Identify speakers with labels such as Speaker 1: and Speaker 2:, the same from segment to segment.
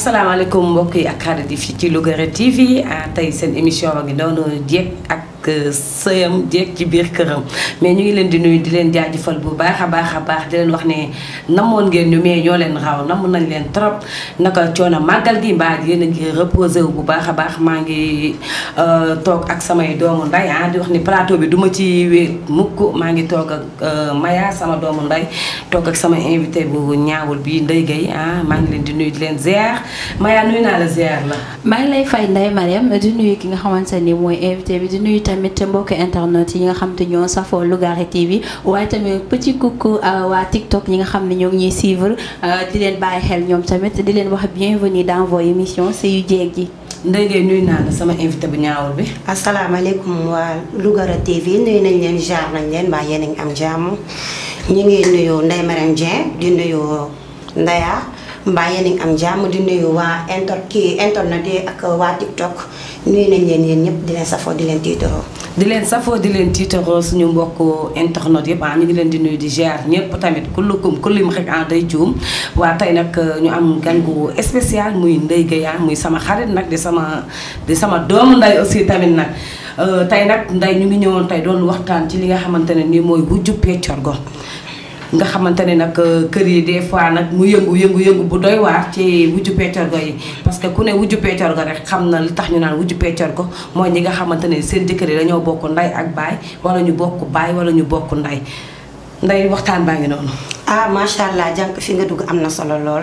Speaker 1: asalaamaaleykum mbokk yi ak xarit yi fii ci Lougaré TV ah, tey seen émission wa ngi noonu jeeg ak Euh, sëyam jeeg ci biir këram mais ñu ngi leen di nuyu di leen jaajëfal bu baax a baax a baax di leen wax ne namoon ngeen ñu mais ñoo leen raw namoon nañ leen trop naka coono màggal gi mbaa yéen a ngi reposé wu bu baax a baax maa ngi euh, toog ak samay doomu nday ah di wax ni plateau bi duma ci wéet mukk maa ngi toog ak euh, Maya sama doomu nday toog ak sama invité bu ñaawul bi Ndeye Gueye ah maa leen di nuyu di leen ziar Maya nuyu naa la ziar la. maa lay fay Ndeye Mariam di nuyu ki nga xamante ne mooy invité bi di nuyu tamit mbokk internet yi nga xam te ñoo safo Lougaré TV waaye tamit petit coucou waa TikTok yi nga xam ne ñoo ngi ñuy suivre euh, di leen bàyyi xel ñoom tamit di leen wax bienvenue dans vos émissions c'est yu jeeg ji. Ndeye Gueye nuyu naa la sama invité bu ñaawul bi. asalaamaaleykum waa Lougaré TV nuyu nañ leen jaar nañ leen mbaa yéen a ngi am jàmm ñu ngi nuyu Ndeye Marème Dieng di nuyu Ndaya. mbaa yéen am jàmm di nuyu waa inter kii internet yi ak waa TikTok nuyu nañ leen yéen ñëpp di leen safoo di leen tiitaroo. di leen safoo di leen tiitaroo suñu mbokk internet yëpp ah ñu ngi leen di nuyu di ziar ñëpp tamit kullukum kullim rek ah day juum waa tey nag euh, ñu am gan gu spécial muy Ndeye Gueye muy sama xarit nag di sama di sama doomu nday aussi tamit nag. Euh, tey nag nday ñu ngi ñëwoon tey doon waxtaan ci li nga xamante ne nii mooy wujju peccorgo nga xamante ne nag euh, kër yi des fois nag mu yëngu yëngu yëngu bu doy waar ci wujju peccorgo yi parce que ku ne wujju peccorgo rek xam na li tax ñu naan wujju peccorgo mooy ñi nga xamante ne seen jëkkër yi dañoo bokk nday ak baay wala ñu bokk baay wala ñu bokk nday nday waxtaan baa ngi noonu ah macha allah jànk fi nga dugg am na solo lool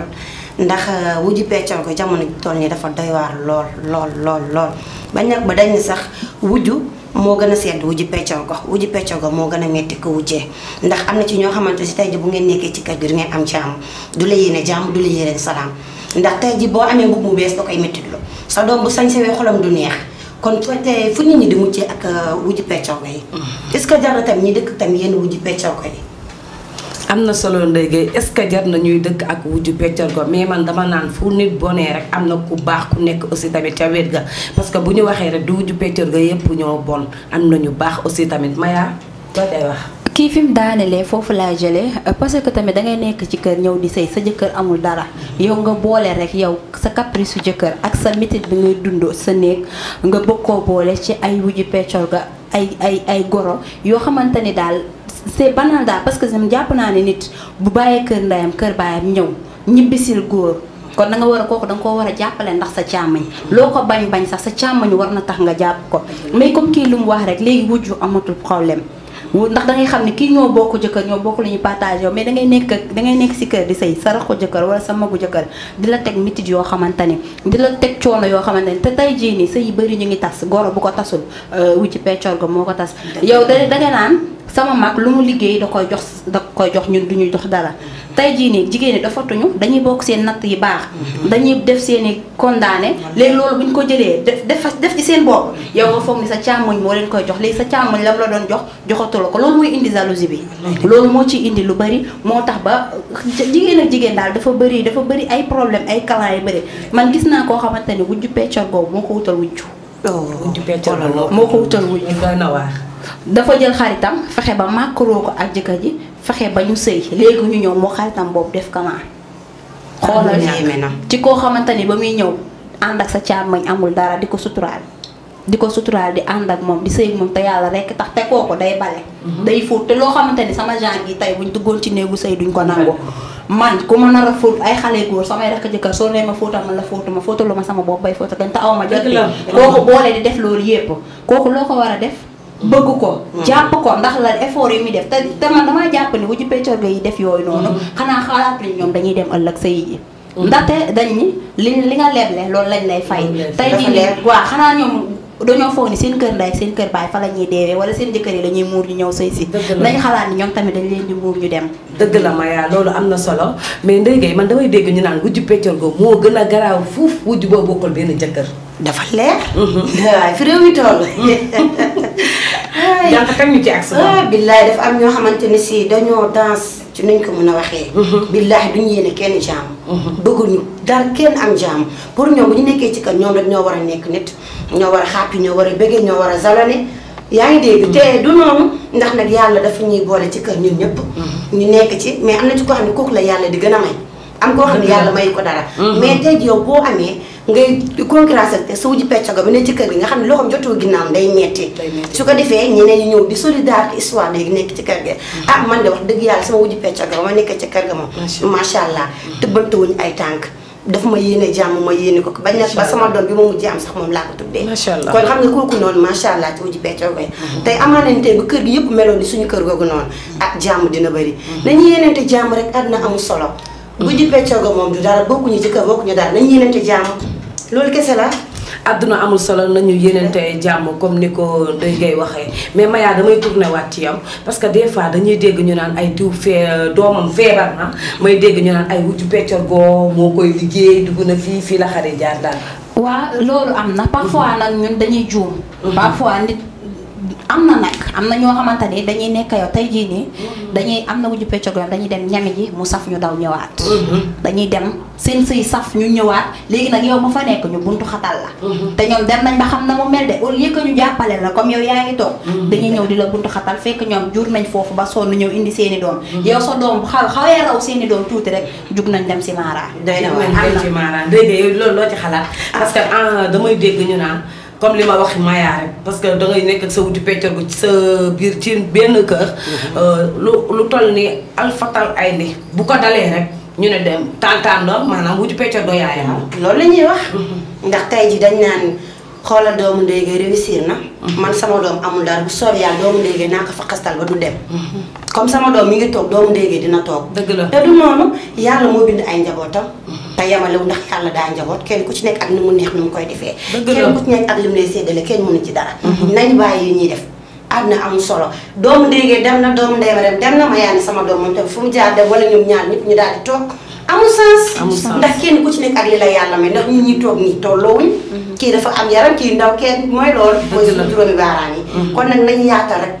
Speaker 1: ndax euh, wujju peccoor ko jamono tool nii dafa doy lool lool lool lool bañ ba dañ sax wujju moo gën a sedd wujji peccor ko wujji peccor ko moo gën a metti ko wujjee ndax am na ci ñoo xamante si tey ji bu ngeen nekkee ci kër gi du ngeen am jàmm du la yéene jàmm du la yéene salaam ndax tey ji boo amee mbubb mu bees da koy métti lu sa doom bu sañsewee xolam du neex kon tey fu nit ñi di mujjee ak euh, wujji peccor ko yi mm. est ce que jar tam ñi dëkk tam yenn wujji peccor ko yi am na solo Ndeye Gueye est-ce que jar na ñuy dëkk ak wujju peccar ko mais man dama naan fu nit bonee rek am na ku baax ku nekk aussi tamit ca wet ga parce que bu ñu waxee rek du wujju peccar ga yëpp ñoo bon am na ñu baax aussi tamit Maya loo wax. kii fi mu daanelee foofu laa jële parce que tamit da ngay nekk ci kër ñëw di sëy sa jëkkër amul dara yow nga boole rek yow sa caprice su jëkkër ak sa métit bi ngay dund sa néeg nga bëgg koo boole ci ay wujju peccor ga ay ay ay goro yoo xamante ni c'est banal daal parce que sam jàpp naa ne nit bu bàyyee kër ndeyam kër baayam ñëw ñibbisil góor kon da war a kooku da nga koo war a jàppale ndax sa càmmañ loo ko bañ bañ sax sa càmmañ war na tax nga jàpp ko mais comme kii lu mu wax rek léegi wujju amatul problème ndax da ngay xam ne kii ñoo bokk jëkkër ñoo bokk lu ñuy partage yow mais da ngay nekk da ngay nekk si kër di sëy sa raxu jëkkër wala sa magu jëkkër di la teg mitit yoo xamante ni di la teg coono yoo xamante ni te tey jii nii sëy bëri ñu ngi tas goro bu ko tasul euh, wu ci peccor ga moo ko tas yow da da nga naan sama mag lu mu liggéey da koy jox da koy jox ñun duñu jox dara tey jii nii jigéen ñi dafa tuñu dañuy bokk seen natt yi baax mm-hmm. dañuy def seen i condamné mm-hmm. léegi loolu bu ñu ko jëlee def def def ci seen bopp yow nga foog ni sa càmmoñ moo leen koy jox léegi sa càmmoñ lam la doon jox joxatula ko loolu mooy indi jalousie bi loolu moo ciy indi lu bari moo tax ba jigéen ak jigéen daal dafa bëri dafa bëri ay problème ay kalan yu bëri man gis naa koo xamante ne wujju peccor boobu moo ko wutal wujju oh. wujju peccor moo ko wutal wujju dafa jël xaritam fexe ba màkkaroo ko ak jëkkër ji fexe ba ñu sëy léegi ñu ñëw moo xaritam boobu def kamaa xoolal ci koo xamante ni ba muy ñëw ànd ak sa mañ amul dara di ko suturaal di ko suturaal di ànd ak moom di sëy moom te yàlla rekk tax te kooku day bale mhm. day fóot te loo xamante ni sama genre yi tey buñ duggoon ci néegu sëy duñ ko nangu man ku ma nar a fóot ay xale góor samay rakk jëkkër soo nee ma fóotal ma la fóotu ma fóotalu ma sama bopp bay fóotu kenn te aw ma jot kooku boole di def loolu yépp kooku loo ko war a def bëgg ko hmm. jàpp ko ndax la effort yi muy def te te man damaa jàpp ni wuji péccorga yi def yooyu noonu hmm. xanaa xalaatuñu ñoom dañuy dem ëllëg sëy ji hmm. te dañ ni li li nga leble loolu lañ lay fay tey jii leer waaw xanaa ñoom dañoo foog seen kër ndey seen kër baay fa ñuy deewee wala seen jëkkër yi la ñuy muur ñu ñëw sëy si nañ xalaat ni ñoom tamit dañ leen di muur ñu dem dëgg la Maya loolu am na solo mais Ndeye Gueye man damay dégg ñu naan wujju peccorgo moo gën a garaaw fuuf wujju boo bokkal benn jëkkër dafa leer mhm. waaye fi réew mi jant teg ñu ci accident. Ah, billaay dafa am ñoo xamante ne si dañoo danse ci nañ ko mun a waxee. Mhm. billaay duñ yéene kenn jaam. Mhm. bëgguñu dara kenn am jaam pour ñoom bu ñu nekkee ci kër ñoom rek ñoo war a nekk nit ñoo war a xàppi ñoo war a bëggee ñoo war a zalone yaa ngi dégg mhm. te du noonu ndax nag yàlla dafa ñuy boole ci kër ñu ñëpp. ñu nekk ci mais am na ci koo xam ne kooku la yàlla di gën a may. am koo xam may ko dara mm-hmm. mais tey yow boo amee ngay concurrence te suuji peccago bi ne ci kër gi nga xam ne loo xam jotul ginnaaw day metti su ko defee ñeneen ñi ñëw di solidarité histoire léegi nekk ci kër gi mm-hmm. ah man de wax dëgg yàlla sama wuji peccago ma nekk ci kër ga moom macha allah mm-hmm. tëbbantewuñu ay tànk daf ma yéene jàmm ma yéene ko bañ na ba sama doom bi ma mujjee am sax moom laa ko tuddee kon xam nga kooku noonu macha allah ci wuji peccago tey amaanañ tey bu kër gi yëpp meloon ni suñu kër googu noonu ak ah, jàmm dina bëri nañu yéeneente jàmm rek àddina amul solo bu di peccoogo moom du dara bokkuñu ci kër bokkuñu daal nañu yéeneente jàmm loolu kese la. àdduna amul solo nañu yéeneente jàmm comme ni ko day ngay waxee mais Maya damay tourné waat ci yow parce que des fois dañuy dégg ñu naan ay diw fee doomam feebar na may dégg ñu naan ay wujju peccorgoo moo koy liggéey dugg na fii fii la xare jaar daal. waaw loolu am na parfois nag ñun dañuy juum. Mm-hmm. parfois nit am na nag am na ñoo xamante ni dañuy nekk yow tey jii nii dañuy am na wujju peccoog dañuy dem ñami ji mu saf ñu daw ñëwaat mm-hmm. dañuy dem seen sëy saf ñu ñëwaat léegi nag yow ma fa nekk ñu buntu xatal la mm-hmm. te ñoom dem nañ ba xam na mu mel de au lieu ñu jàppale la comme yow yaa ngi toog mm-hmm. dañuy ñëw di la buntu xatal fekk ñoom jur nañ foofu ba sonn ñëw indi seeni doom yow sa doom xaw xawee raw seeni doom tuuti rek jug nañ dem si maara doy na waay am loolu loo ci xalaat ah. parce que ah, damay dégg ñu naan comme li ma wax mayaa rek parce que da ngay nek ak sa wuti peccor go ci sa biir ci benn mhm. euh lu lu toll ni alfatal ay ni bu ko dalé rek ñu ne dem tàntaan do manam wuti peccor do yaayam. Mhm. loolu lañuy wax. Mhm. ndax tay ji dañ nan xoolal doomu ndéygay réussir na. Mhm. man sama doom amul dara bu soobee yàlla doomu ndéygay naa ko fa xastal ba du dem. Mhm. comme sama doom mi ngi toog doomu ndéygay dina toog. dëgg la te du noonu yàlla moo bind njabootam. Mhm. te yemalewu ndax yàlla daa njaboot kenn ku ci nekk ak ni mu neex ni mu koy defee. kenn ku ci nekk ak li mu lay séddale kenn mënu ci dara. nañ bàyyi yu ñuy def. àdduna amul solo doomu ndéygay dem na doomu ndeyma dem dem na ma yaani sama doom moom tam fu mu jaar dem wala ñu ñaar nit ñu daal toog. amul sens ndax kenn ku ci nekk ak li la yàlla may ndax ñu ñuy toog nii tolloowuñ mhm. kii dafa am yaram kii ndaw kenn mooy loolu mooy la juróomi baaraam yi mhm. kon nag nañu yaatal rek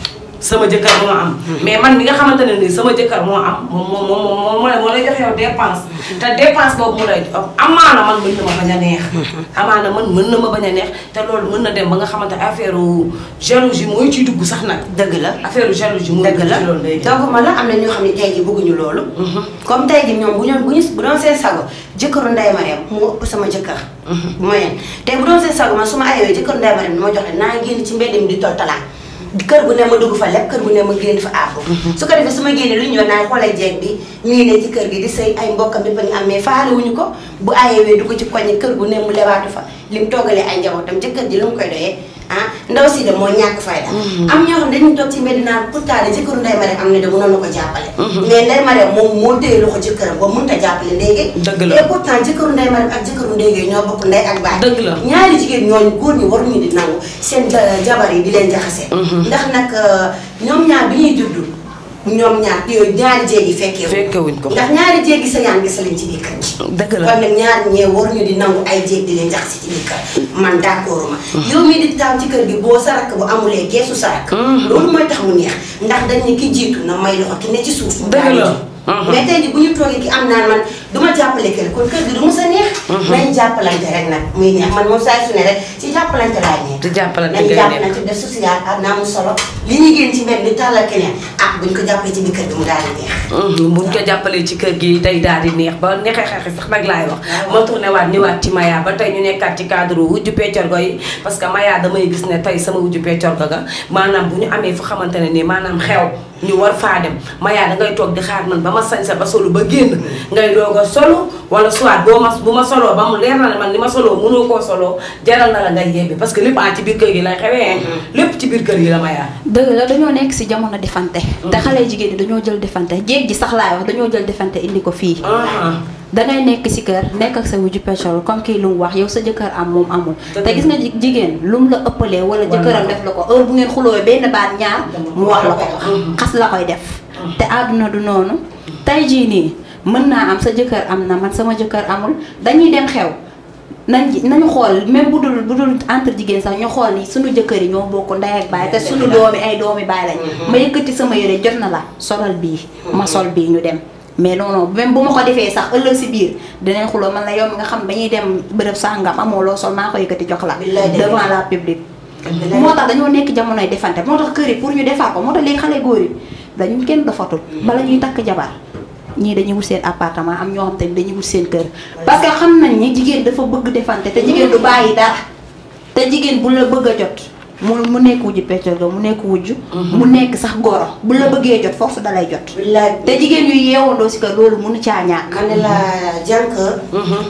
Speaker 1: sama jëkkër moo am mais man bi nga xamante ne nii sama jëkkër moo am moom moom moom moo lay jox yow boobu mu lay jox man mën na ma bañ a neex amaana man mën na ma bañ a neex te loolu mën na dem ba nga xamante affaire u jalousie mooy ciy dugg sax nag dëgg la affaire u jalousie mooy dëgg la donc man la am na ñoo xam ne tey ji bëgguñu loolu mhm. comme tey ji ñoom bu ñu bu ñu bu doon seen sago jëkkëru Ndeye Mariam moo sama jëkkër mhm. moyen te bu doon seen sago man su ma ayoo jëkkëru Ndeye Mariam ni ma joxe naa génn ci mbedd mi di tol talaat kër gu ne ma dugg fa lépp kër gu ne ma génn fa àbb mhm. su ko defee su ma génnee lu ñu ñëw naan xoolal jeeg bi ñuy ne ci kër gi di sëy ay mbokkam yëpp a ngi am mais faale wuñu ko bu ayewee dugg ci koñ kër gu ne mu lewaatu fa lim toggalee ay njabootam jëkkër ji lu mu koy doyee ah ndaw si de moo ñàkk fayda mm-hmm. am ñoo xam dañuy toog ci Medina pourtant de jëkkëru Ndeye Marème am na de mënoon na ko jàppale mm-hmm. mais Ndeye Marème moo téye loxo jëkkëram ba mënut a jàppale ndéygéey dëgg la et pourtant jëkkëru Ndeye Marème ak jëkkëru ndéygéey ñoo bokk ndey ak baay dëgg la ñaari jigéen ñooñu góor ñi waruñu di nangu seen jabar yi di leen jaxase mm-hmm. ndax nag euh, ñoom ñaar bi ñuy juddu ñoom ñaar yooyu ñaari jéeg yi fekkee fekkewuñ ko ndax ñaari jéeg yi sa yaan gis lañ ci biir kër gi dëgg la ñaar ñee waruñu di nangu ay jéeg di leen jaxase ci biir kër man d'accord ma yow mii di taam ci kër gi boo sarak bu amulee geesu sarak mm-hmm. loolu mooy tax mu neex ndax dañ ne ki jiitu na may loxo ki ne ci suuf mu dëgg la mm-hmm. mais tey ji bu ki am naan man duma jappale kenn kon kër gi du mos a neex. Mhm. nañ jàppalante rek nak muy neex man mo saa su ne rek ci jappalante la neex. di jappalante ngay neex nañ social ak na mu solo li ñuy gën ci mbedd mi tàllal keneen ak ah, buñ ko jappé ci bi kër gi mu daal neex hmm buñ ko jappalé ci kër gi day daal di neex ba neexee xeexee sax nak lay wax. ma tourné waat ñëwaat ci Maya ba tay ñu nekkat ci cadre wujju peccorgo goy parce que Maya damay gis ne tay sama wujju peccorgo ga maanaam bu ñu amee fu xamantene ne manam xew ñu war fa dem Maya da ngay tok di xaar man ba ma sañsa ba solo ba genn mm. ngay dogo solo wala soit boo ma bu ma soloo ba mu leer man li ma soloo mënoo koo solo jaral na la nga yebbi parce que lépp ah ci biir kër gi la xewee mm-hmm. lépp ci biir kër gi la ma yaa dëgg la dañoo nekk si jamono defante mm-hmm. te xale jigéen ñi dañoo jël defante jéeg ji sax laay wax dañoo jël defante indi ko fii uh-huh. dangay nekk si kër nekk ak sa wujju pétrole comme kii lu mu wax yow sa jëkkër am moom amul te gis nga jigéen lu mu la ëppalee wala jëkkëram def la ko heure bu ngeen xuloo benn baat ñaar mu wax la ko mm-hmm. xas la koy def te àdduna du noonu tey jii nii mën naa am sa jëkkër am na man sama jëkkër amul dañuy dem xew nañ nañu xool même bu dul bu dul entre jigéen sax ñu xool ni suñu jëkkër yi ñoo bokk ndey ak baay te suñu doomi ay doomi baay lañ mm-hmm. ma yëkkati sama yére jot na la solal bii ma sol bii ñu dem mais non même bu ma ko defee sax si biir dinañ xuloo man la yow mi nga xam dañuy dem bërëb sàngam amoo loo sol maa ko yëkkati jox la devant la public moo tax dañoo nekk jamonoy defante moo tax kër yi pour ñu defar ko moo tax léegi xale góor yi dañu kenn dofatul bala ñuy takk jabar ñii dañuy wut seen appartement am ñoo xam tamit dañuy wut seen kër parce que xam nañ ni jigéen dafa bëgg defante te jigéen du bàyyi dara te jigéen bu la bëgg a jot mu mu nekk wujj peccor ga mu nekk wujj mhm. mu nekk sax goro bu la bëggee jot foofu dalay jot te jigéen yu yeewandoo si kër loolu mënu caa ñàkk ma ne la jànk su mhm.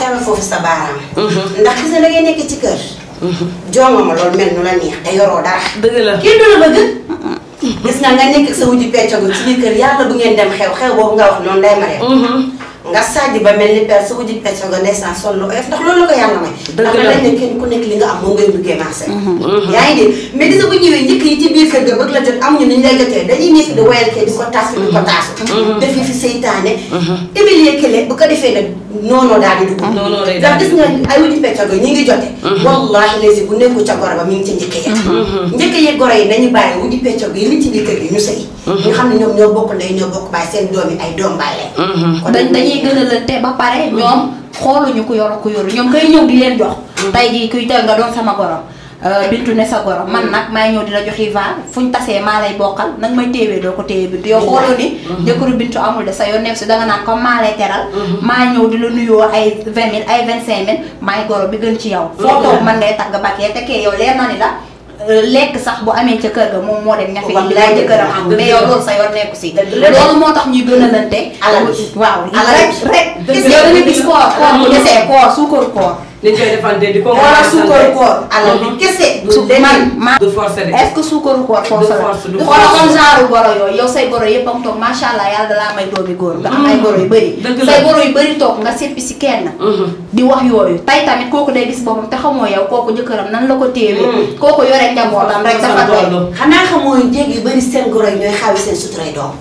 Speaker 1: tawee foofu sa baaraam mhm. ndax gis na da nekk ci kër jooma ma loolu mel nu la neex te yoroo dara dëgg kii du la bëgg gis nga nga nekk sa wujju peccagu ci biir kër bu ngeen dem xew xew boobu nga wax noonu lay maree mm-hmm. nga sàjj ba mel ni per su wujj pecc nga neesaan sol lu oyof ndax loolu la ko yàlla may. dëgg la ndax ku nekk li nga am moom ngay duggee marché. Mm-hmm. yaa ngi dégg bu ñëwee njëkk yi goro yi nañu bàyyi wujj pecc yi li ci biir kër ñu sëy. Mm-hmm. ñu xam ne ñoom ñoo bokk ndey ñoo bokk bàyyi seen doom ay doom bàyyi ñuy gënalante ba pare ñoom xooluñu ku yor ku yor ñoom kay ñëw di leen jox. Mm-hmm. tey jii kuy tey nga doon sama gorom. Euh, bintu ne sa gorom man mm-hmm. nag may ñëw di la jox yi vaar fu ñu tasee maa lay bokkal nag may téewee doo ko téye bintu yow xooloo ni mm-hmm. jëkkëru bintu amul de sa yoon nekk si danga naan comme maa lay teral maa ñëw di la nuyoo ay vingt mille ay vingt cinq mille maay goro bi gën ci yow foo toog man ngay tagg bakkee te kee yow leer na ni la Euh, lekk sax bu amee ca kër ga moom moo dem ñafe yi laay jëkkëram am mais yow loolu sa yoon nekku si loolu moo tax ñuy gënalante alal waaw alal rek gis nga gis koor koor bu desee koor suukar koor li ñu koy defante di ko. wala suukaru koor alal bi kese. du man du forcer que suukaru koor forcer du xoolal comme genre goro yooyu yow say yëpp macha allah yàlla dalaa may doomi góor. nga am ay goro yu bëri. bëri toog nga seppi si kenn. Mhm. di wax yooyu tay kooku day gis boppam te xamoo yow kooku jëkkëram nan la ko téewee. Mhm. kooku yore njabootam rek dafa doy. xanaa xamoo njëg yu bëri seen goro yi ñooy xaawi seen suturay doom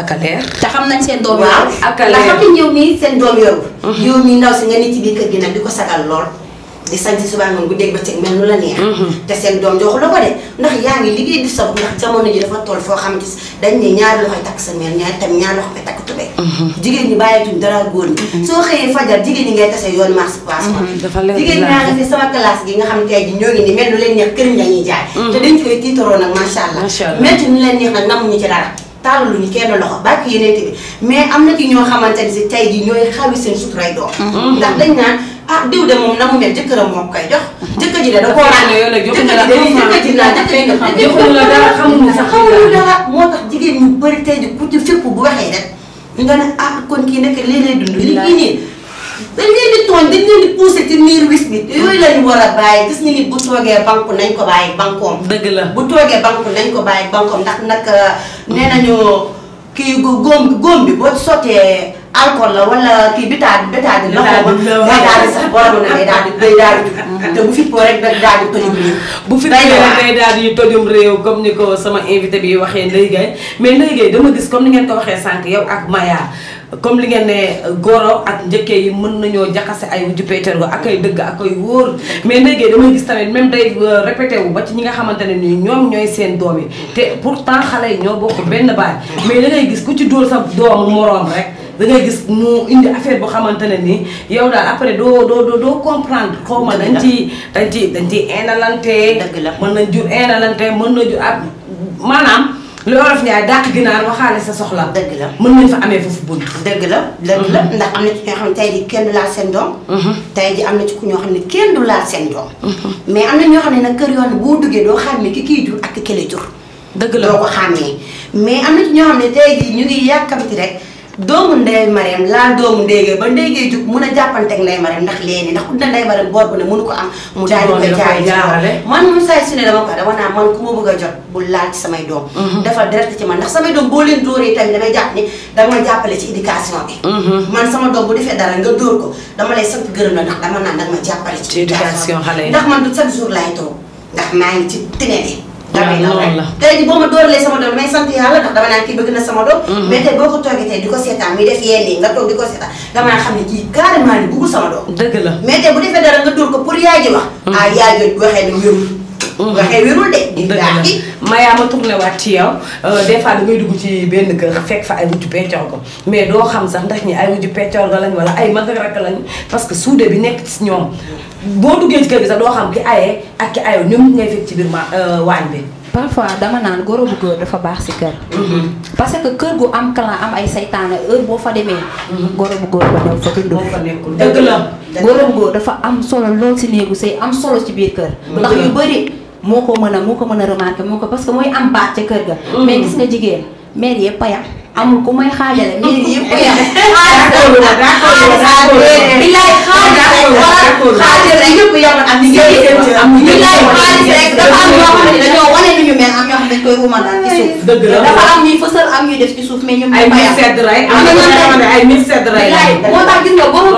Speaker 1: ak leer te xam nañ seen doom waaw ak leer xam yow mi seen doom yoru yow mi ndaw si nga ci biir kër gi nag di sagal lool di santi suba ngam gu deg ba ci mel nu la neex te seen doom jox la ko de ndax yaa ngi di sa ndax jamono ji dafa xam gis dañ sa tam tube ñi dara fajar jigéen ñi ngay tase yoon marché passe sama classe gi nga xam tey ji ñoo ni mel nu leen neex këriñ la jaay te dañ koy allah nu leen neex ci dara tàllaluñu kenn loxo bàkk yeneen bi mais am na ci ñoo xamante ne si tey jii ñooy xawi seen suturay doom mm-hmm. ndax dañ naan ah diw de moom na mu mel jëkkëram moom koy jox mm-hmm. jëkkër ji de da koo naan jëkkër ji de jëkkër ji xamuñu dara moo tax jigéen ñu bëri tey ji ku ci fépp bu waxee rek nga ne ah kon kii nekk lii lay dund lii kii nii dañ leen di tooñ dañ leen di poussé ci miir wis bi yooyu lañu war a bàyyi gis nga ni bu toogee banku nañ ko bàyyi bankoom. dëgg la bu toogee banku nañ ko bàyyi bankoom ndax nag euh, nee nañu kii góom góom bi boo sottee alcool la wala kii bitaat bitaat bi. bitaat bi la waaw daal di sax borom na day daal di day daal di mm-hmm. te bu fippoo rek daal di tojum réew. bu fippoo rek day daal di tojum réew comme ni ko sama invité bi waxee Ndeye Gueye mais Ndeye Gueye dama gis comme ni ngeen ko waxee sànq yow ak Maya. comme li ngeen ne goro ak njëkkee yi mën nañoo jaxase ay wujju péetéergo ak ay dëgg ak ay wóor mais ndéggee damay gis tamit même day euh, répété wu ba ci ñi nga xamante ne nii ñoom ñooy seen doom yi te pourtant xale yi ñoo bokk benn baay mais da gis ku ci dóor sa doomu moroom rek da gis mu indi affaire boo xamante ne nii yow daal après doo doo doo comprendre xaw ma dañ ci dañ ci dañ ciy indalante dëgg la mën nañ jur indalante mën na jur ak maanaam lu olof Ndiaye dàq ginaar waxaale sa soxla. dëgg la mën nañ fa amee foofu bunt. dëgg la dëgg la mm-hmm. ndax am na ci ñoo xam ne tey jii kenn du seen doom. Mm-hmm. tey jii am na ci ku ñoo xam ne kenn du laal seen doom. Mm-hmm. mais am na ñoo xam ne nag kër yoo xam ne boo duggee doo xàmmee ki kii jur ak ki kële jur. dëgg la doo ko xàmmee mais am na ci ñoo xam ne tey jii ñu ngi yàkkamti rek. doomu ndey Mariam laal doomu ndéygéey ba ndéygéey jug mun a jàppanteeg ndey Mariam ndax ndax ku ne ndey Mariam boor bu ne mënu ko am mu daal di ko jaay man moom saay su ne dama ko dama naa man ku ma bëgg a jot bu laal samay doom mhm. dafa direct ci man ndax samay doom boo leen dóoree tamit damay jàpp ni dama jàppale ci éducation bi mhm. man sama doom bu defee dara nga door ko dama lay sant gërëm a ndax na naan danga ma jàppale ci éducation ndax man du chaque jour laay toog ndax maa ngi ci tine waaw loolu la tey jii boo ma dooralee sama doom mais sant yàlla ndax dama naan kii na sama doom. Mhm. mais tey boo ko toogee tey di ko seetaan muy def yenn yi nga toog di ko seetaan dama xam ne kii carrément ni bëggul sama doom. dëgg la mais tey bu defee dara nga dóor ko pour yaay ji mhm. ah yaay jooju waxee ni wérul. waxee wérul de. dëgg la mayaa ma tourné waat ci yow euh, des fois damay dugg ci benn kër fekk fa ay wujju peccoor ko mais doo xam sax ndax ñi ay wujju peccoor ko lañ wala ay mag ak rakk lañ parce que suude bi nekk ci ñoom boo duggee ci kër gi sax doo xam ki ayee ak ki ayoo ñoom ngay fekk ci biir ma euh, waañ bi. parfois dama naan goro bu góor dafa baax si kër. Mm-hmm. parce que kër gu am clan am ay saytaane heure boo fa demee. Mm-hmm. goro bu góor ba dem fa dund. dëgg la goro bu góor dafa am solo lool si néegu sëy am solo ci biir kër. Mm-hmm. ndax yu bëri. moko mana moko mana moo moko kamu parce que moy am ba ci keur ga. mais mm. gis nga jigen mère yepp ya yam amul may xaajale mère yepp ya yam. d'accord d'accord d'accord bilaay am liggéey am bilaay xaalis dafa am ñoo xam ne dañoo ni ñu mel am ñoo xam dañ koy ruumanaan ci suuf. dëgg la dafa am ñuy fësal am ñuy def ci suuf mais ñoom. ay sedd ray am na ñoo xam ay mille sedd ray. bilaay moo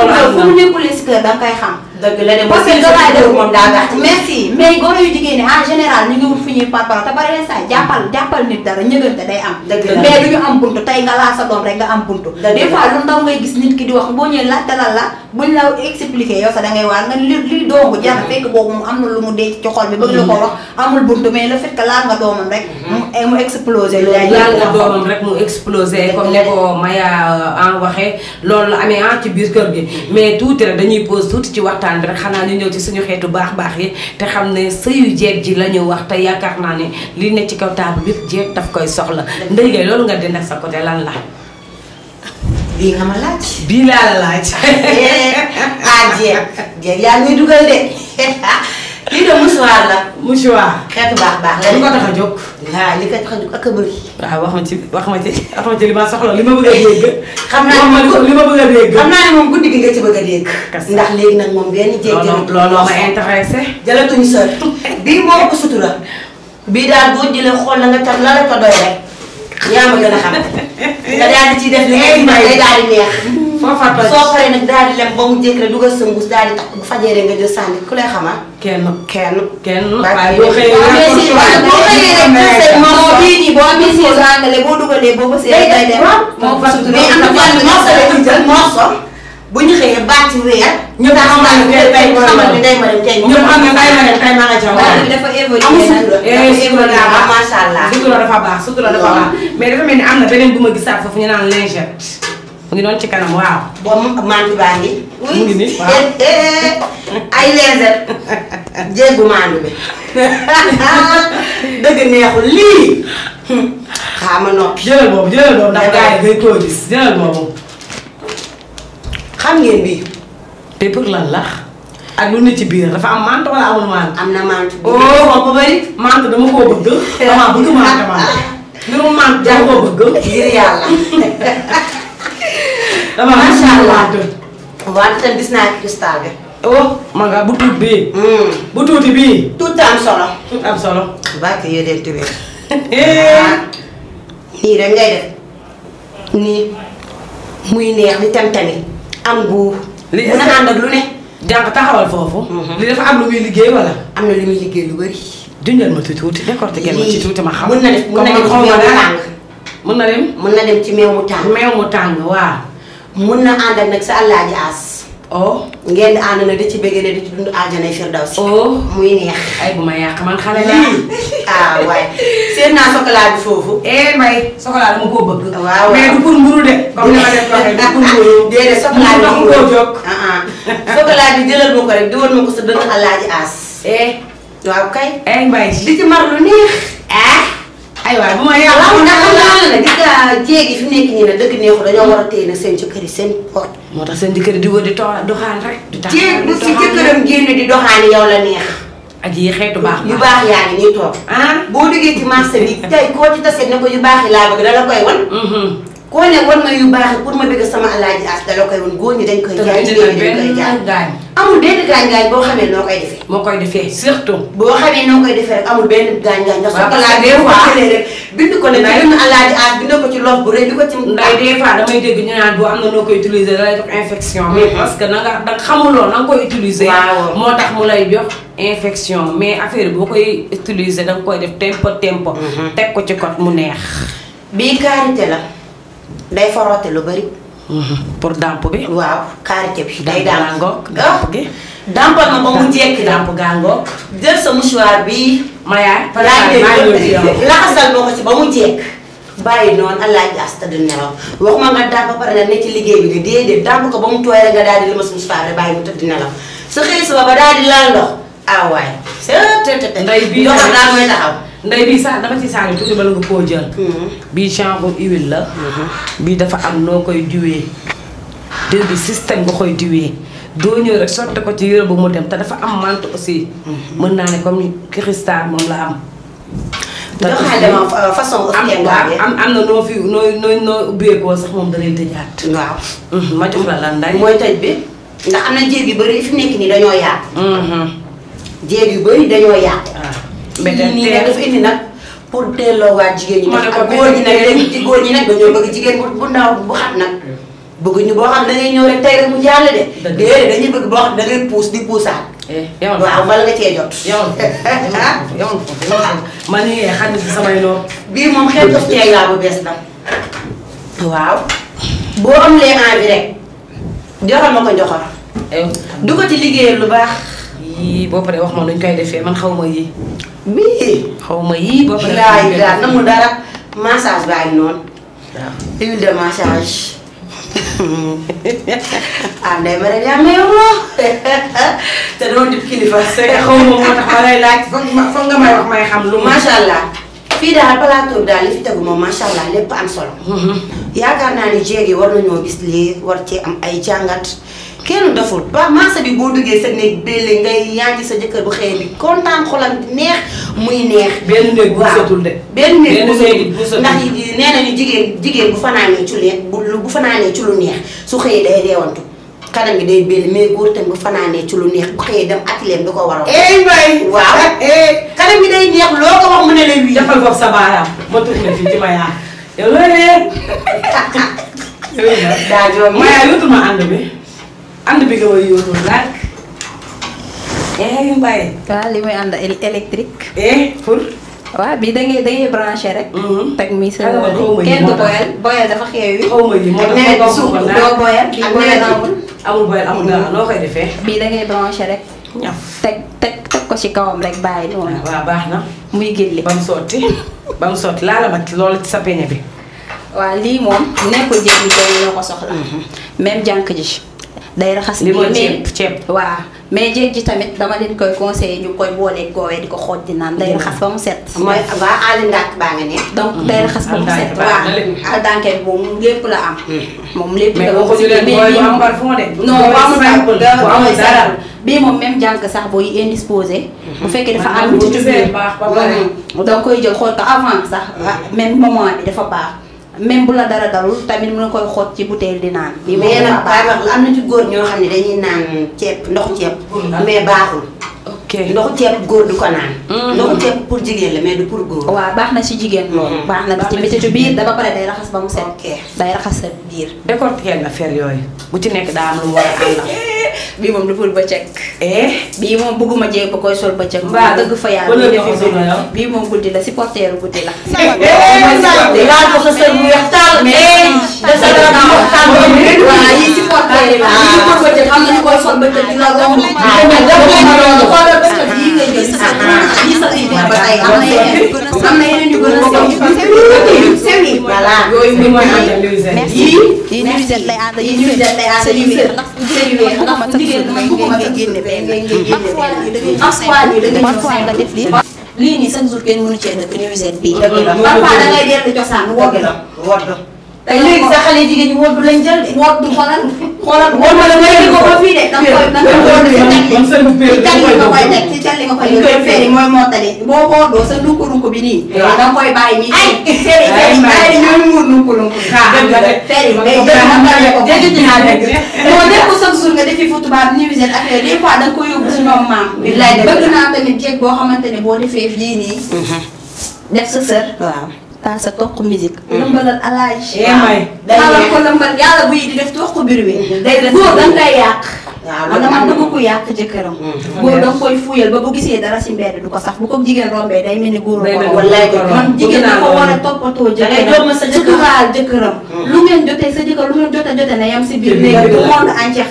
Speaker 1: gis nga mais góor yu jigéen ñi en général ñu ngi wut fu ñuy parparoo te bari na saa jàppal jàppal nit dara ñëgante day am. mais du ñu am buntu tey nga laa sa doom rek nga am buntu. des fois lu ndaw ngay gis nit ki di wax boo ñëwee la dalal la buñ la expliqué yow sax da ngay waar nga li li doogu jar fekk boobu mu am na lu mu dee ci xol bi bëgg la ko wax amul buntu mais le fait que laal nga doomam rek. mu mhm. eh, explosé. loolu laal nga doomam rek mu explosé comme ne ko Maya en euh, waxee loolu la amee ah ci biir kër gi mhm. mais tuuti rek dañuy pose tuuti ci waxtaan bi rek xanaa ñu ñëw ci suñu xeetu baax baax yi te xam xam ne sëyu jeeg ji la ñu wax te yaakaar naa ne li ne ci kaw table bi jeeg daf koy soxla ndey gay loolu nga di nag sa côté lan la. bii nga ma laaj. bii laa laaj. Eh, ah jeeg jeeg yaa dugal de. lii de mouchoir la. mouchoir xeetu baax baax la. li ko tax a jóg. waaw li ko tax a jóg ak a bëri. waaw wax ma ci wax ma ci wax ma ci li ma soxla li ma bëgg a dégg. xam naa ne a dégg. xam naa ne moom guddi gi nga ci bëgg a dégg. ndax léegi nag moom benn jéeg. looloo looloo ma intéressé. sutura. bii daal boo jëlee xool na nga ca la la ko rek. yaa gën a xam. nga daal ci def li ngay may day daal neex. soo far pare soo paree nag daal di lem ba mu jékki rek dugal sa mbuus daal di tax a fajee rek nga jël sànni ku lay xamal. kenn kenn. kenn waaye boo xëyee boo amee si rangale boo dugalee boo bësee day dem. moo fas am na benn morso la a jël morso bu ñu xëyee baati weer. ñëpp xamal ne day ma dem tey ñëpp xam ne ma dem allah. sutura dafa baax sutura dafa baax mais dafa mel ni am na beneen bu ma gisaat foofu ñu naan lingette mu ngi doon ci kanam waaw. boobu mandi baa ngi. mu ngi nii waaw eh, eh, ay lenset jéggu mandi bi dëgg neexul lii. xaama noppi. jëlal boobu jëlal boobu ndax gars yi ngay koo gis jëlal boobu. xam ngeen bii. te pour ak lu ne ci biir dafa am mante wala amul mante. am na mante. oh wax ba bëri mante dama koo bëgg. dama bëgg mante mante. mbirum mante dama koo bëgg. ngir yàlla. macha allah waaw itam gis naa cristal bi. oh man nga bu tuut bii. bu tuuti bii. Hmm. tuut am solo. tuut am solo. barke yéen a tubé. nii rek ngay def nii muy neex li tam tamit am guur. li mën a ànd ak lu ne. jànq taxawal foofu. Mhm. li dafa am lu muy liggéey wala. am na lu muy liggéey lu bëri. dundal ma ci tuuti récolté kenn ma ci tuuti ma xam. mën na def mën na dem ci meew mu tàng. mën na dem ci meew mu tàng. meew mu tàng waaw. mun na ànd nag sa àllaaji aas. oh ngeen ànd na di ci bëggee ne di ci dund aljanay firdaws. oh muy neex. ay bu ma yàq man xale la ah seen naa chocolat foofu. eh may chocolat dama koo bëgg. waaw jëlal ma ko rek diwal ma ko sa dënn àllaaji aas. eh waaw kay. ay eh, mbay li ci mar lu neex. Eh? ay bu ma yàlla amul xam naa ne gis nga jéegi fi nekk nii nag dëgg neexu dañoo war a téye nag seen jëkkër yi seen porte. moo tax seen di jëkkër di wër di to doxaan rek. di tax jéeg bu si jëkkëram génn di doxaan yow la neex. ak yi xeetu baax yu baax yaa ngi ñuy toog. Ah? boo déggee ci marché bi tey koo ci tase ne ko yu baax yi laa bëgg dala koy wan. Mm-hmm. koo ne war ma yu baax pour ma bëgg sama alaaji as da la koy woon góor ñi dañ koy jaay jigéen amul benn gaañ-gaañ boo xamee noo koy defee moo koy defee surtout boo xamee noo koy benn gaañ-gaañ nga soxlaa ko ne benn alaaji as bind ko ci lox bi ñu naan boo am na noo koy utiliser infection mais mm-hmm. parce que na nga da xamuloo na nga koy moo tax mu lay jox infection mais affaire boo koy utiliser da koy def tempo tempo mm-hmm. teg ko ci kot mu neex bii karité la day foroote lu bari. pour damp bi. waaw karité bi. day damp ah! damp gi. dampal ma ba mu jekki damp gàngoog. jël sa mouchoir bi ma yaay. laxasal moo ko ci ba mu jekk. bàyyi noonu alaaji asta du nelaw waxuma nga damp pare la ne liggéey bi de déedéet damp ko ba mu tooy nga daal di limas mouchoir bi bàyyi mu tëdd nelaw sa xëy suba ba daal di laal ndox. ah waay. c' est vrai te te te. ndox ndey bi sax dama ci sànni tuuti bala nga koo jël. Hmm. bii chambre huile la. Hmm. bii dafa am noo koy diwee. diw bi système nga koy diwee doo ñëw rek sotti ko ci yére bu mu dem te dafa am mante aussi. Hmm. mën naa ne comme cristal moom la am. te euh, na noo fi noo noo noo ubbeekoo sax moom da lay tëjaat. waaw. ma jox la lan ndax mooy tëj bi. ndax am na jéeg yu bëri fi nekk nii dañoo yaatu. jéeg yu bëri dañoo yaatu. beneen teer dafa indi nag pour delloo waa jigéen ñi. ndax góor ñi nag léegi góor ñi nag dañoo bëgg jigéen bu bu ndaw bu xat nag. bëgguñu boo xam da ngay ñëw rek tey rek mu jàll de. dëgg la dañuy bëgg boo xam da ngay puus di puusaat. Eh, yow waaw nga cee jot. yow yow man mii ngay xam ne samay noor. bii moom xeetu ceegaa bu bees la. waaw. boo am lee envie rek. joxal ma ko jox eh, du ko ci liggéeyal lu baax. yii boo paree wax ma luñ koy defee man xaw ma yii. xaw ma yii boo paree daal daal na mu dara massage baa ngi noonu. waaw ah, wax te doon di kilifa. c'est que xaw wax may xam lu. macha allah fii daal plateau daal li fi tegu moom allah lépp am solo. Mm-hmm. yaakaar naa ni jéeg yi war nañoo gis lii war cee am ay jàngat. kenn doful ba marché bi boo duggee sa néeg bële ngay yaaji sa jëkkër bu xëyee di kontaan xolam di neex muy neex. benn néeg bu setul de. benn néeg bu setul ndax nee nañu jigéen jigéen bu fanaanee ci lu bu ci lu neex su xëyee day deewantu kanam gi day bële mais góor tam bu fanaanee ci lu neex bu xëyee dem atelier da ko waral. a eh, Mbaye. waaw eh. kanam gi day neex loo ko wax mu ne la wii. defal bopp sa baaraam ma tourné fii ci ma yaa. yow loolee. daa jooju. ma yaa yutuma ànd bi. ànd bi nga war a yóotul lànk. Mbaye. waaw li muy ànd électrique. eh pour. waaw bii da ngay branché rek. Mm-hmm. teg mi sa kenn bii da ngay rek. ñaf teg teg ko ci kawam rek bàyyi noonu. Ah, waaw baax na. muy gilli ba mu sotti ba mu sotti laala ma loolu ci sa peñe bi. waaw lii moom nekkul jënd tey ñoo ko soxla. Mm-hmm. même jànk ji. day raxas li ceeb ceeb waaw mais jéeg ji tamit dama leen koy conseillé ñu koy booleeg goowee di ko xooj di naan day raxas ba mu set mooy waa aali ndaak baa nga ne donc day raxas ba mu set waaw aldanke moom lépp la am hmm. moom lépp la am non moom même jànk sax booy indisposé bu hmm. fekkee dafa am ci biir hmm. donc koy jël xool ko avant sax même moment bi dafa baax même bu la dara dalul tamit mu na koy xoot ci butéel di naan. bi mais nag baax am na ci góor ñoo xam ne dañuy naan ceeb ndoxu ceeb. mais baaxul. ok ndoxu ceeb góor du ko naan. Mm-hmm. ndoxu ceeb pour jigéen la mais du pour góor. waa baax na ci jigéen loolu. Mm-hmm. baax na ci métitu biir da ba pare day raxas ba mu set. day raxas sa biir. décortiquer na affaire yooyu bu ci nekk daa am lu bii moom daful bëccëg. Eh? bii moom bëgguma jéeg ba koy sol bëccëg. mbaa dëgg fa yàlla bii defi bii moom guddi la supporter guddi la. Eh, eh, laal ko sa sër bu weex taal. waaw yii ah. supporter la. Ah. am na ñu koy sol bëccëg dina gëm. lii nga gis sax lii sax lii ba tey am na yeneen yu gën a sew yi voilà yooyu muy mooy ànd ak nuisette yii yii nuisette lay ànd yii nuisette lay ànd yu wér seen yu wér ndax jigéen man bugguma nga génne benn ngay génne parfois nii da ngay parfois nga def lii lii nii chaque jour kenn mënu cee dëkk nuisette bii parfois da ngay dellu cosaan wogge la wodd tey léegi sa xale jigéen ñi wóor du lañ jël de. du xoolal xoolal wóor ma la may ko ba fii de. da nga koy da nga koy nga a teg ci calli nga koy yëngu féeri mooy moo tali boo boodoo sa ndukku ndukku bi nii. a da nga koy bàyyi nii. ay féeri féeri bàyyi ñoom muur ndukku ndukku. ko dëgg dinaa dëgg. moo def ko chaque jour nga defi fa tubaab nuisette affaire des fois da nga koy yóbbu si ñoom maam. billaay bëgg naa tamit jéeg boo xamante ne boo defee fii nii. def sa sër waaw taa sa toq musique. Mm. lëmbalal alaaj. day eh, may day may xaaral ko lëmbal yàlla buy di def toq mbir wi. day def góor da nga koy yàq. waaw man man dama ko yàq jëkkëram. Mm-hmm. góor danga koy fuyal gisee dara si mbedd du bu ko jigéen rombee day mel ni ko wallaay man jigéen da ko war mm-hmm. lu ngeen jotee sa jëkkër lu ngeen jote si biir néeg bi monde entier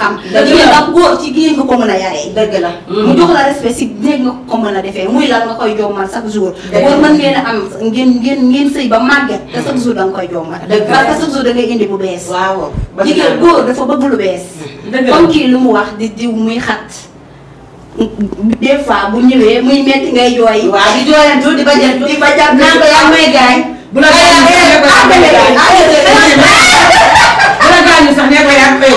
Speaker 1: ci géej nga ko mën a yaree dëgg la jox la respect ko mën a defee muy lan nga koy jommal chaque jour góor mën a am ngeen ngeen ngeen sëy ba màgget te chaque jour da koy jommal parce que chaque jour da ngay indi bu bees waaw jigéen góor dafa bëgg lu bees comme kii lu mu wax di diw muy xat des fois bu ñëwee muy metti ngay jooy. waaw di jooyantu di ba di ba jàpp naan ko yaa may gaañ. ñu sax nee ko yaa ko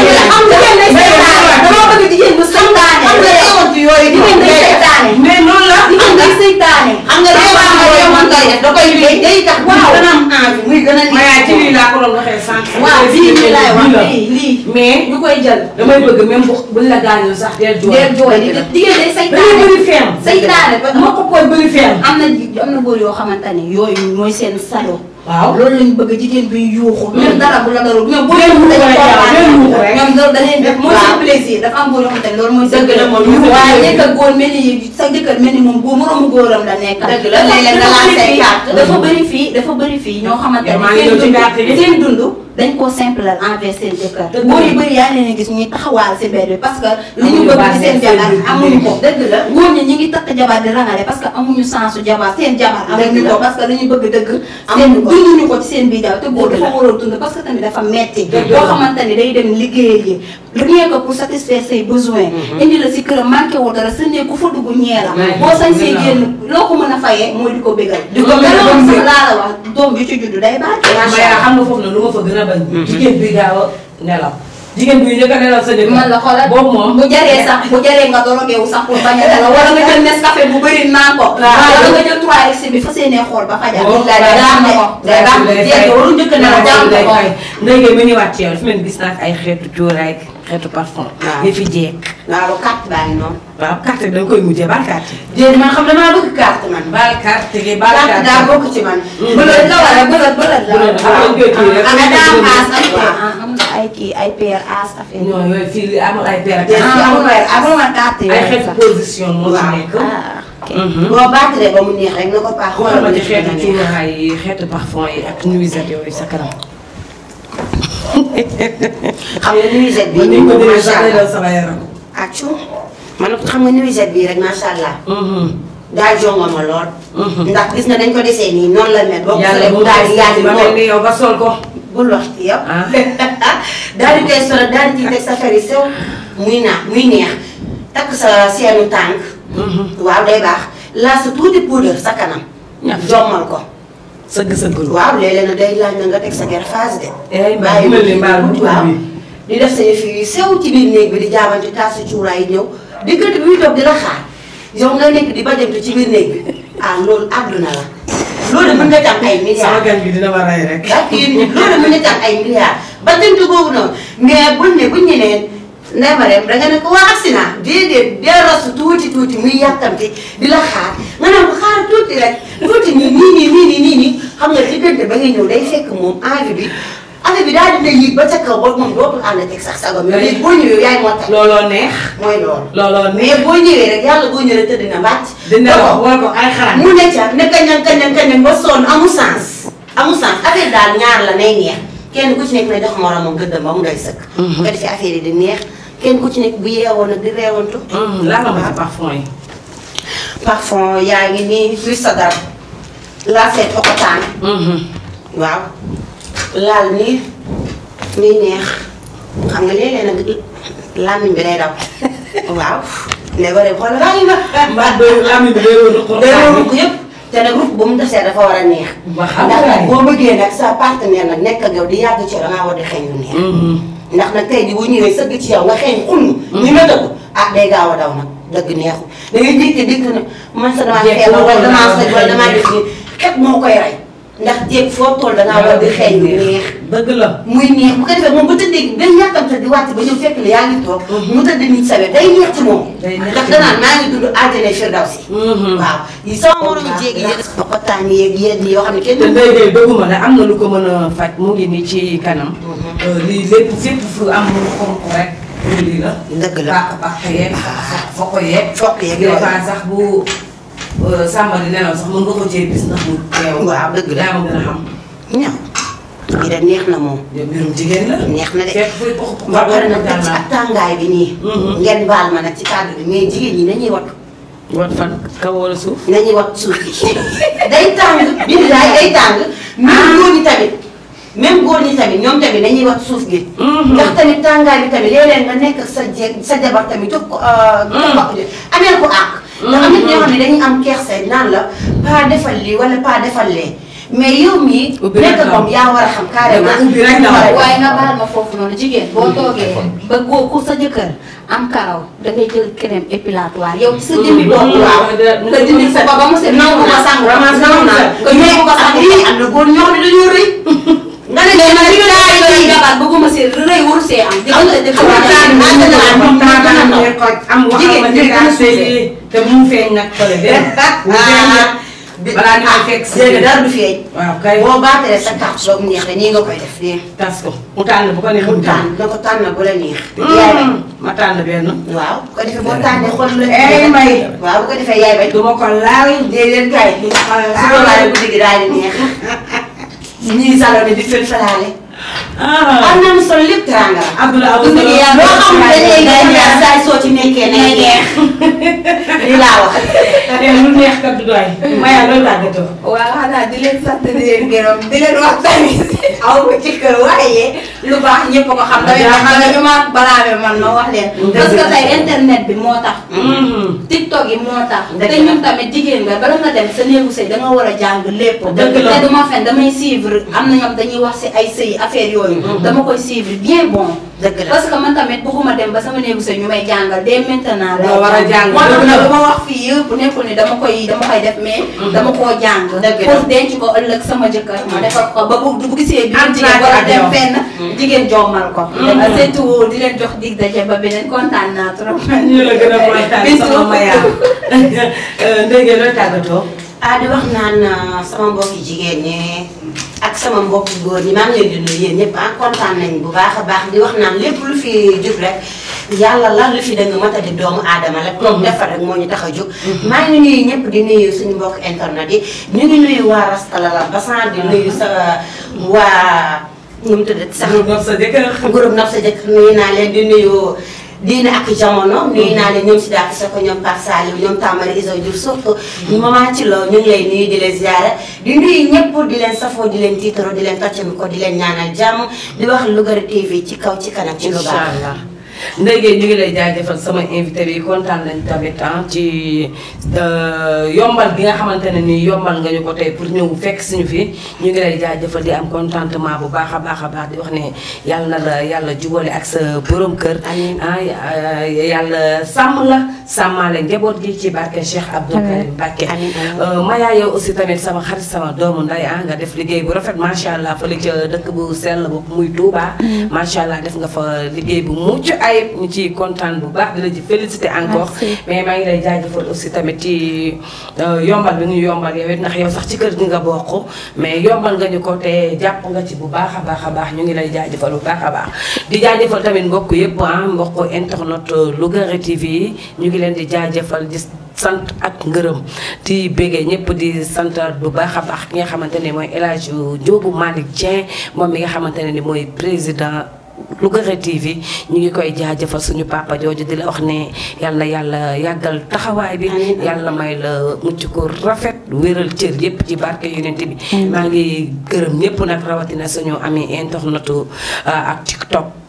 Speaker 1: maa ngi lay wax am na yéen lay seytaane dama bëgg
Speaker 2: jigéen bu seytaane am na yowatu yooyu jigéen day seytaane mais
Speaker 1: noonu la am nga seytaane xam nga léegi maa ngi lay mën koy def da koy day day tax waaw dana am envie muy gën a lii waaw ci lii laa ko doon waxee sànq waaw lii lii laay wax lii lii mais ñu koy jël damay bëgg même bu buñ la gaañoo sax del jooy del jooy jigéen day seytaane bëri feem seytaane moo ko koy bëri feem am na am na góor yoo xamante ne yooyu mooy seen salo waaw loolu lañ bëgg jigéen bi yuuxu. Mm. même dara bu la darul même boo yuuxu rek ñoom loolu da leen def mooy seen plaisir dafa am góor yoo xam ne loolu mooy dëgg la moom waaye nekk ak góor mel ni sa jëkkër mel ni moom la nekk dëgg la léeg-léeg nga lancé carte dafa bëri fii dafa bëri fii ñoo xamante ne seen dund dañ ko simple envers seen jëkkër. dëgg la góor bëri yaa leen a gis ñuy taxawaal si mbedd parce que. li ñu bëgg ci seen jabar amuñu ko. dëgg la góor ngi takk parce que amuñu sensu jabar seen jabar. que li ñu dëgg. amuñu ko dunduñu ko ci seen biir te góor dafa war a parce que tamit dafa metti boo xamante day dem liggéey yi rien que pour satisfaire say besoins. indi la si këram manqué woo dara sa néeg ku fa dugg ñeera. boo sañ see génn loo ko mën a fayee mooy di ko bégal. di ko gërëm sax laa la wax doom ju ci judd day baax. macha allah xam nga foofu nag lu ma fa gën a bañ. Mhm. jigéen bi gaaw a nelaw. jigéen bu njëkk a nelaw sa njëkk. man la xoolal boobu moom bu jaree sax bu jaree nga dorogee wu sax pour bañ a nelaw wala nga jël Nescafé bu bëri naan ko. waaw wala nga jël 3X bi fa seenee xool ba xajal. boobu daal di daan ko day baax jéeg waru njëkk a nelaw jàmm ko. ndey ngeen ma ñëwaat ci yow dafa mel ni gis naa ay xeetu cuuraay xeetu parfum. waaw fi carte baa ngi carte da koy mujjee bal carte. man xam bëgg carte man. bal carte gi bal carte daa bokk ci man. Mm. la wala la. Ah, ay ay as non yooyu fii amul ay ah, ay carte ay xeetu position moo nekk. Ah, mhm. boo baatiree ba mu neex rek na ko ci yi xam nga nuisette bii. ni ñu ko déggee sax day sama yaram. accu man xam nga nuisette bii rek macha allah. Mm-hmm. daal jongo a lool. Mm-hmm. ndax gis na dañ ko desee nii noonu la mel. boo ko solee mu daal di yaatu lool yàlla yow ba sol ko. bul wax ci yow. Ah. daal di koy solal daal di ciy sa fer sew. muy naa muy neex takk sa seenu tànk. Mm-hmm. waaw day baax laal sa tuuti poudre sa kanam. jommal ko. sa sëggul waaw léeg a nag day laaj na nga teg sa ger phase de. Eh, bàyyi mu ne waaw di def sa yëf yu sew ci biir néeg bi di jaabante taas sa cuuraay yi ñëw diggante bi muy toog di la xaar yow nga nekk di bajantu ci biir néeg bi ah loolu àdduna la. loolu mën nga jàpp ay milliards sama gan gi dina ma rey rek. loolu mën nga jàpp ay milliards bajantu boobu noonu mais buñ ne buñ ñeneen. ne ma dem danga ne ko waa agsi naa dee rasu tuuti tuuti muy yàkkamti di la xaar nga naan ko xaaral tuuti rek tuuti nii nii nii nii nii nii xam nga diggante ba nga ñëw day fekk moom bi affaire bi daal dina yéeg ba ca kaw ba moom dootul ànd looloo neex. mooy looloo neex mais boo ñëwee rek yàlla boo ñëwee tëdd na bàcc. dina wax war ko ay xalaat. mu ne ca ne kañam kañam kañam ba sonn amul sens. amul sens affaire daal ñaar la nay neex kenn ku ci nekk na jox moromam gëddam ba mu doy sëkk. Mhm. nga defee affaire yi di neex. kenn ku ci nekk bu yeewoon nag di reewantu. Mm-hmm. lan la ma parfum yi. parfum yaa ngi nii huile sadar laa seet xokotaan. Mm-hmm. waaw laal nii muy neex xam nga léeg-léeg nag làmmiñ bi day waaw ne ko rek xool raay ruq ruq te nag ruq bu mu desee dafa war a neex. nekk ak yow di yàgg ci yow war di xeeñ neex. Mm-hmm. ndax na tey ji bu ñëwee sëgg ci yow nga xeeñ xulñi ñi ma dëgg ah day gaaw a daw nag neexu da ngay jékki dikk ne man sa damaa feebar wala damaa sëgg wala damaa def moo koy ndax jéeg foo toll da ngaa war di xëy mu neex. dëgg la muy neex bu ko defee moom bu tëddee benn yàkkamte di wàcc ba ñëw fekk la yaa ngi toog. mu tëdd nit sa wet day neex ci moom. day neex ndax danaan maa ngi dund àjjana Firdawsi. waaw yi sama moromu jéeg yéen waxtaan yeeg yéen yoo xam ne kenn. te day day dëgguma ne am na lu ko mën a faj mu ngi nii ci kanam. lii lépp fépp fu am lu xonk rek. lii la dëgg la bàq bàq yeeg. fokk yeeg fokk yeeg sax bu. Euh, Samba waaw dëgg la yaa ma gën a xam. neex na moom. jigéen la. neex na de fekk fooy ba pare nag ak tàngaay bi nii. Mm-hmm. ngeen baal ma nag ci kàddu bi mais jigéen ñi nañuy wattu. wat fan kaw wala suuf. suuf yi day tàng bind daay day tàng. même ah. góor suuf gi. Mm-hmm. ndax tamit tàngaay bi tamit léeg-léeg nekk sa jeeg sa jabar tamit jox ko. Euh, mm-hmm. jox ko ameel ko àq. am nit ñoo xam ne am kersa naan la pas defal lii wala pas defal lee mais yow mii. nekk yaa war a xam carrément. ubbi rek waaye ma foofu noonu jigéen boo toogee ba góor sa jëkkër am karaw da ngay jël crème épilatoire yow sa jëmmi bopp waaw nga dindi sa ba mu set nangu ko sangu naa ko ñëw ko am na góor ñoo xam ne dañoo rëy am. am na am na am na am am na am na am am na am na am am na am na am am na am na am am te bu mu feeñ nag xool benn. Ah, bi balaa ñu koy ah, fekk si biir dara du feeñ. waaw kay boo baatalee sa carte ba mu neex nii nga koy def dee. tas ko mu tànn bu ko neex. mu tànn na ko tànn bu la neex. Mm, yaay bay ma tànn benn. waaw ko defee boo tànnee xool lu la waaw ko defee yaay bay. du ma ko laal déedéet kay. su ma di neex. ñii salone Ah. am nañu solo lépp teraanga la. abdoulaye abdoulaye loo xam ne dañuy gàncax saa soo ci nekkee nay neex. li laa wax. te lu neex kat du doy. Maya loolu laa gëstoo. di leen sant di di leen wax tamit aw ma ci kër waaye lu baax ñëpp ko xam. dëgg la xam ñu ma balaabe man ma wax leen. parce que internet bi moo tax. Mm. tiktok yi moo tax. te ñun tamit jigéen nga bala a dem sa néegu sëy da war a jàng lépp. dëgg la te duma fen damay suivre am na ñoom dañuy wax si ay sëy affaire yooyu. Mm-hmm. Mm-hmm. dama ko si bien bon. dëgg la parce que man tamit bëgguma dem ba sama néegu sëñ ñu may jàngal dès maintenant. lay war a jàng lu ma wax fii yëpp nekkul ne dama koy dama koy def mais. Mm-hmm. dama koo jàng. dëgg la ko ëllëg sama jëkkër. ma defar ko ba bu bu gisee. am jigéen war a ko. Euh, surtout di leen jox dig daje ba beneen kontaan naa trop. ñu la a kontaan sama maya euh, ndege looy tàggatoo. ah di wax naan euh, jigéen ñi. ak sama mbokk góor ñi maa ngi leen di nuyu yéen ñëpp ah bu baax a baax di wax naan lépp lu fi jub rek yàlla la lu fi danga matadi doomu aadama la toog mhm. defar rek moo ñu tax a jóg mhm. maa ngi nuyu ñëpp di nuyu suñu mbokk internet yi ñu ngi nuyu waa Rastalala Basan di mhm. nuyu sa waa ñu mu tudd sax groupe sa jëkkër naa leen di nuyu diine ak jamono nuyu naa leen ñoom si daak sa ko ñoom Pape Saliou ñoom Tambari Iso Diouf surtout mm-hmm. maman ci loo ñu ngi lay nuyu di leen ziara di nuyu ñëpp di leen safoo di leen tiitaro di leen tàccami ko di leen ñaanal jàmm di wax Lougaré TV ci kaw ci kanam ci lu baax Ndeye ñu ngi lay jaajeufal sama invité bi kontaan nañ tamit ah, ci euh, yombal bi nga xamantene ni yombal nga ñuko tay pour ñeu fekk suñu fi ñu ngi lay jaajeufal di am contentement bu baaxa baaxa baax di wax ni yalla na la yalla jubole ak sa borom kër. ah yalla sam la samale njaboot gi ci barke Cheikh Abdou Karim Mbacké. Euh, Maya yow aussi tamit sama xarit sama doomu nday ah nga def liggey bu rafet machallah fa li ci dëkk bu sel bu muy Touba. Mm. machallah def nga fa liggey bu mucc ay yëpp ñu ci kontaan bu baax di la ci félicité encore. mais maa ngi lay jaajëfal aussi tamit ci euh, yombal bi ñu yombal yow it ndax yow sax ci kër gi nga bokk mais yombal nga ñu ko te jàpp nga ci bu baax a baax a baax ñu ngi lay jaajëfal bu baax a baax. di jaajëfal tamit mbokk yëpp ah mbokk internet euh, Lougaré TV yi ñu ngi leen di jaajëfal di sant ak ngërëm di béggee ñëpp di santaat bu baax a baax ki nga xamante ne mooy El Hadj mali Malick moom mi nga xamante ne ni mooy président. lu Louga TV ñu ngi koy jaajëfal suñu papa jooju di la wax ne yàlla yàlla yàggal taxawaay bi yàlla may la mucc ko rafet wéral cër yëpp ci barke yonent bi maa ngi gërëm ñëpp nag rawatina suñu ami internetu euh, ak TikTok